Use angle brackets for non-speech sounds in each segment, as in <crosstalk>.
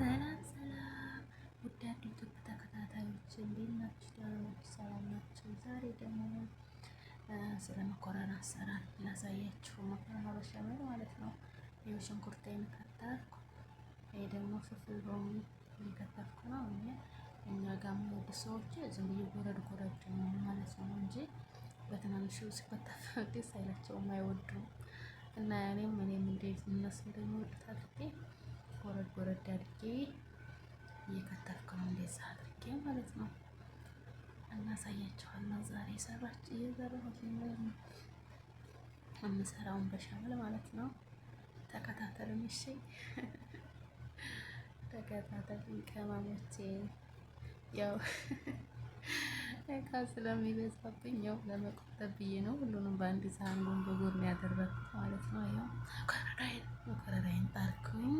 ሰላም ሰላም ውዳድ ዩቱብ ተከታታዮች እንዴት ናችሁ? ዳሮች ሰላም ናቸው። ዛሬ ደግሞ ስለ መኮረን አሰራር ላሳያችሁ። መኮረን በሸመል ማለት ነው። ይህ ሽንኩርት የከተፍኩ፣ ይህ ደግሞ ፍልፍል ሮሚ የከተፍኩ ነው። እኔ እኛ ጋር የሚወዱ ሰዎች ዝም ብዬ ጎረድ ጎረድ ነው ማለት ነው እንጂ በትናንሹ ሲከተፍ <laughs> ደስ አይላቸውም፣ አይወዱም እና እኔም እኔም እንዴት እነሱ እንደሚወዱት አድርጌ ጎረድ ጎረድ አድርጌ እየከተፍኩ ነው እንደዛ አድርጌ ማለት ነው። እናሳያችኋለን ዛሬ የሰራች እየዘራሁት የምሰራውን በሻምል ማለት ነው። ተከታተሉኝ እሺ፣ <laughs> ተከታተሉኝ ቅመሞቼ። ያው <laughs> እቃ ስለሚበዛብኝ ያው ለመቆጠብ ብዬ ነው ሁሉንም በአንድ ሳህን ጎን በጎን ያደረግኩት ማለት ነው። ያው መኮረራይን ጣርኩኝ።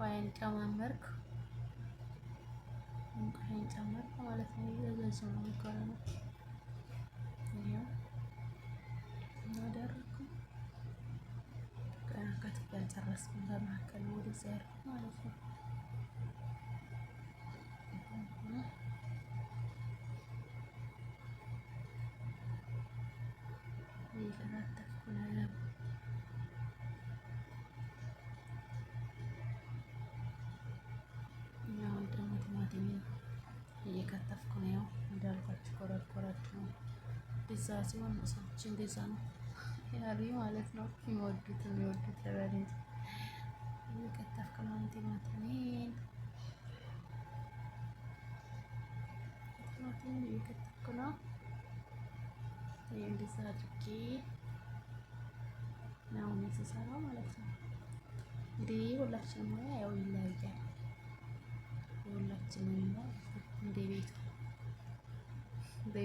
ውሃዬን ጨማመርክ እንቁላሌን ጨመርክ ማለት ነው። እየዘዘ ነው መኮረኒ ይሄው እናደርኩ ቀናካት ያልጨረስኩ በመካከል ወደዚያ ያርኩ ማለት ነው። እንደዛ ሲሆን ሰዎች እንደዛ ነው ያሉ ማለት ነው። የሚወዱት የሚወዱት ለበሬ የሚከተፍ ቅመም ቲማቲሜን ነው። እንደዛ አድርጌ ነው የምሰራው ማለት ነው። እንግዲህ ሁላችንም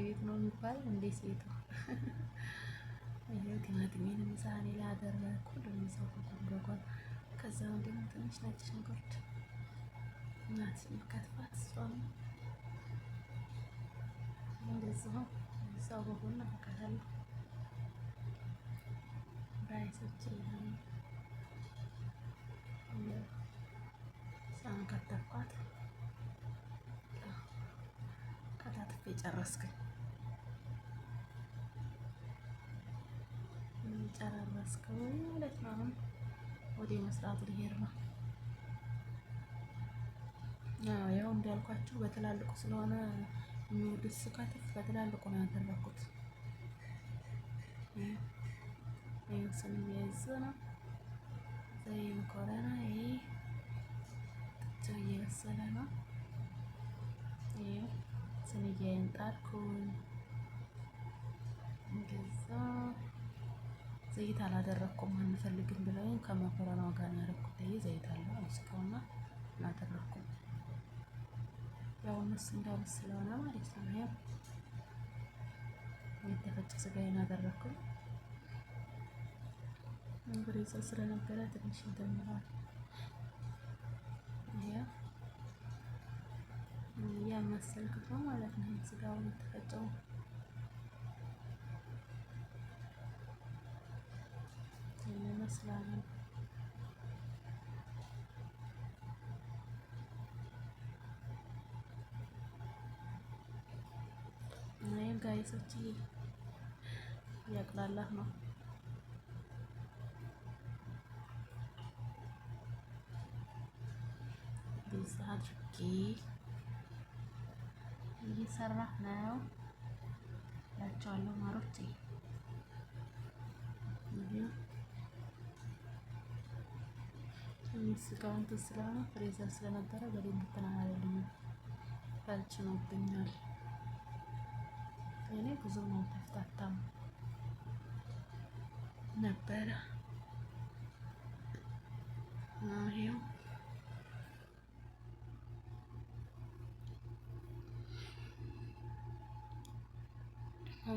ቤት ነው የሚባለው እንዴ ሴቱ ይሄ ቲማቲሜን ምሳኔ ላይ አደረኩ። ለምሳሌ ተቆርጓል። ከዛ ደግሞ ትንሽ ነጭ ሽንኩርት ናት ከትፋት ጾም እንደዚህ ሰው በጎን አፈካታለሁ ራይሶች ይላሉ ሳን ከተኳት ከታትፌ ጨረስኩኝ። ጨራረስከው ማለት ነው። አሁን ወደ መስራት ልሄድ ነው። ያው እንዳልኳችሁ በትላልቁ ስለሆነ የሚወዱት ስካትፍ በትላልቁ ነው ያደረኩት። ይህን የያዘ ነው ዘይ መኮረና ይሄ ጥቻ እየበሰለ ነው። ይህ ስንዬን ጣልኩኝ። ዘይት አላደረግኩም አንፈልግም ብለው ከመኮረና ጋር ያደረኩት። ይሄ ዘይት አለ አንስከውና አላደረግኩም። ያው ምስ እንዳልስ ስለሆነ ማለት ነው። ያው የተፈጨ ስጋዬን አደረግኩም። እንግዲህ ሰው ስለነበረ ትንሽ ይደምራል። ያው ያ መሰልክቶ ማለት ነው ስጋውን የተፈጨው ይመስላል። ይህም ጋይሶች እያቁላላህ ነው። ዛ አድርጌ እየሰራህ ነው ያቸዋለሁ ማሮቼ ሚክስ ካውንት ስለሆነ ፍሬዛ ስለነበረ በደንብ ተናማለልኝ ታልችኖብኛል። እኔ ብዙም አልተፍታታም ነበረ።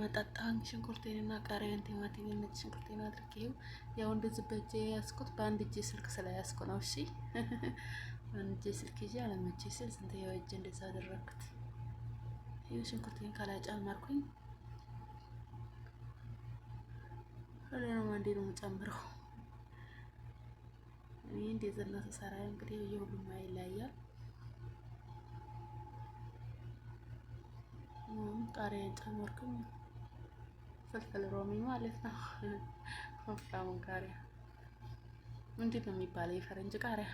አመጣጣን ሽንኩርቴንና ቃሪያን ቲማቲም ነጭ ሽንኩርቴን አድርጌው ያው እንደዚህ በእጄ ያስኩት በአንድ እጄ ስልክ ስለያዝኩ ነው። እሺ <laughs> አንድ እጄ ስልክ ይዤ አለመቼ ስል ስንት ያው እጄ እንደዛ አደረግኩት። ይህ ሽንኩርቴን ካላይ ጨመርኩኝ። ሁሉንም አንዴ ነው የምጨምረው። እኔ እንደዚህ ነው ስሰራ እንግዲህ የሁሉም አይለያል። ቃሪያን ጨመርኩኝ። ፍልፍል ሮሚ ማለት ነው። ወፍራሙን ቃሪያ ምንድን ነው የሚባለው? የፈረንጅ ቃሪያ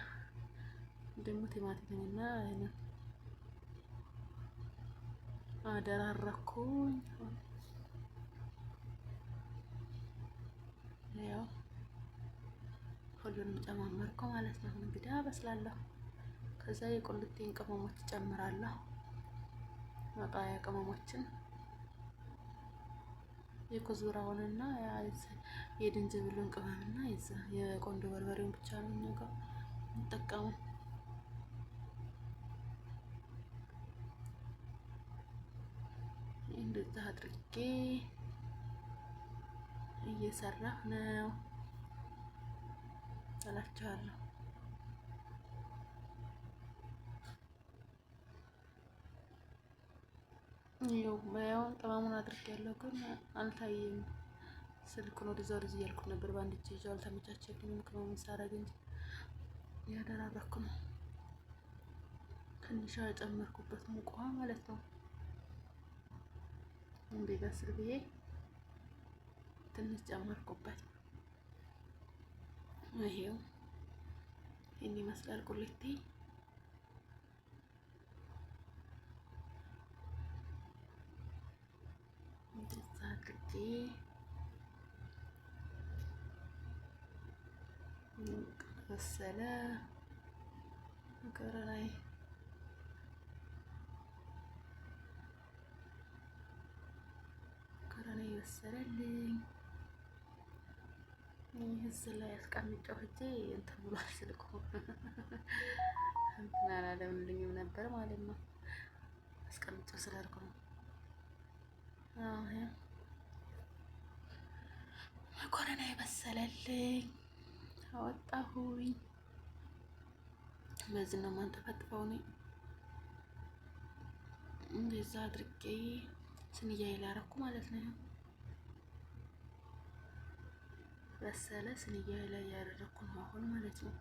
ደግሞ ቲማቲምና አይነት አደራረኩኝ። ያው ሁሉንም ጨማመርኩ ማለት ነው። እንግዲህ አበስላለሁ። ከዛ የቁልጤን ቅመሞች ጨምራለሁ። መቃያ ቅመሞችን የኮዝብራውንና የድንዝብሉን ቅመምና የቆንዶ በርበሬውን ብቻ ነው ነገር እንጠቀሙ። እንደዛ አድርጌ እየሰራሁ ነው እላችኋለሁ። ይኸው ያውን ቅመሙን አድርጌያለሁ፣ ግን አልታየም። ስልኩን ወደዛ ወደዚህ እያልኩት ነበር። በአንድ እጅ ይዤው አልተመቻቸልኝም። ቅመሙን ሳረግ እንጂ እያደራረኩ ነው። ትንሿ የጨመርኩበት ሙቅ ውሃ ማለት ነው። እንዲበስል ብዬ ትንሽ ጨመርኩበት። ይሄው ይህን ይመስላል ቁሌቴ። አድርጌ በሰለ ነገር ላይ ከረና የበሰለልኝ እዚህ ላይ አስቀምጨው ሂጅ እንትን ብሏል። ስልኩ እንትን አላለምልኝም ነበር ማለት ነው። አስቀምጨው ስላልኩ ነው። አዎ መኮረና የበሰለልኝ አወጣሁኝ። በዚህ ነው ማንጠፈጥፈው ነው እንደዛ አድርጌ ስንያ ይላረኩ ማለት ነው። በሰለ ስንያ ላይ ያደረኩ ነው አሁን ማለት ነው።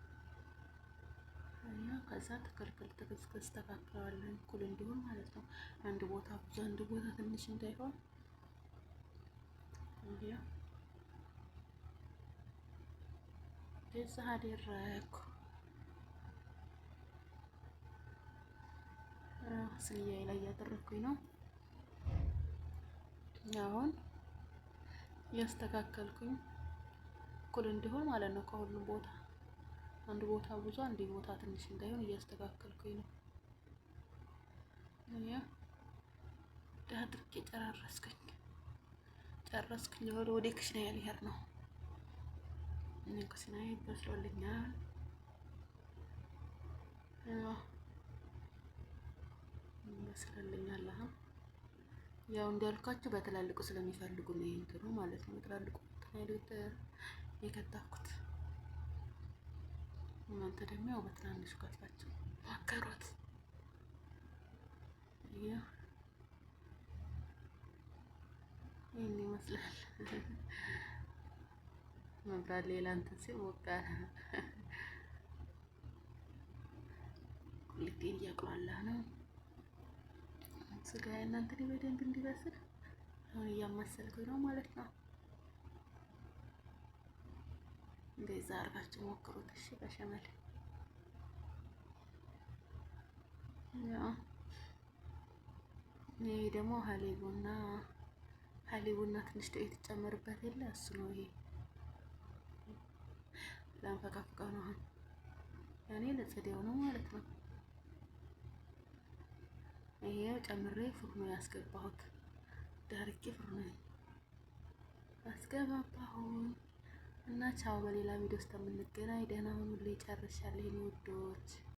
እና ከዛ ተከልከል ተከስከስ ተካክለዋለን እኩል እንዲሆን ማለት ነው። አንድ ቦታ ብዙ አንድ ቦታ ትንሽ እንዳይሆን እንዲያ እንደዛ አደረኩ። ስልያዬ ላይ እያደረኩኝ ነው። አሁን እያስተካከልኩኝ እኩል እንዲሆን ማለት ነው። ከሁሉም ቦታ አንድ ቦታ ብዙ፣ አንድ ቦታ ትንሽ እንዳይሆን እያስተካከልኩኝ ነው። እያ ጨራረስኩኝ ጨረስኩኝ። ወደ ክሽና ያልሄድ ነው ንኩስና ይመስሎልኛል። ይመስልልኛል አሁን ያው እንዳልኳችሁ በትላልቁ ስለሚፈልጉ ነው እንትኑ ማለት ነው። በትላልቁ ተናይዶት የከታኩት እናንተ ደግሞ ያው በትናንሹ ከታችሁ ማከሯት ይህን ይመስላል። መብራት ሌላ እንትን ሲል ወቃ ልክ እያቁላላ ነው። ስጋ እናንተ በደንብ እንዲበስል አሁን እያማሰልኩኝ ነው ማለት ነው። እንደዛ አርጋችሁ ሞክሩት እሺ። በሸመል ይሄ ደግሞ ሀሊቡና ሀሊቡና ትንሽ ዶቄት ትጨምርበት የለ እሱ ነው ይሄ ላንፈካፍቃ ነው። አሁን ያኔ ለጽዴው ነው ማለት ነው። ይሄ ጨምሬ ፍርኖ ያስገባሁት ዳርቄ ፍርኖ ያስገባባሁን እና ቻው። በሌላ ቪዲዮ ውስጥ የምንገናኝ ደህና ሁኑልኝ። ጨርሻለሁ ውዶች።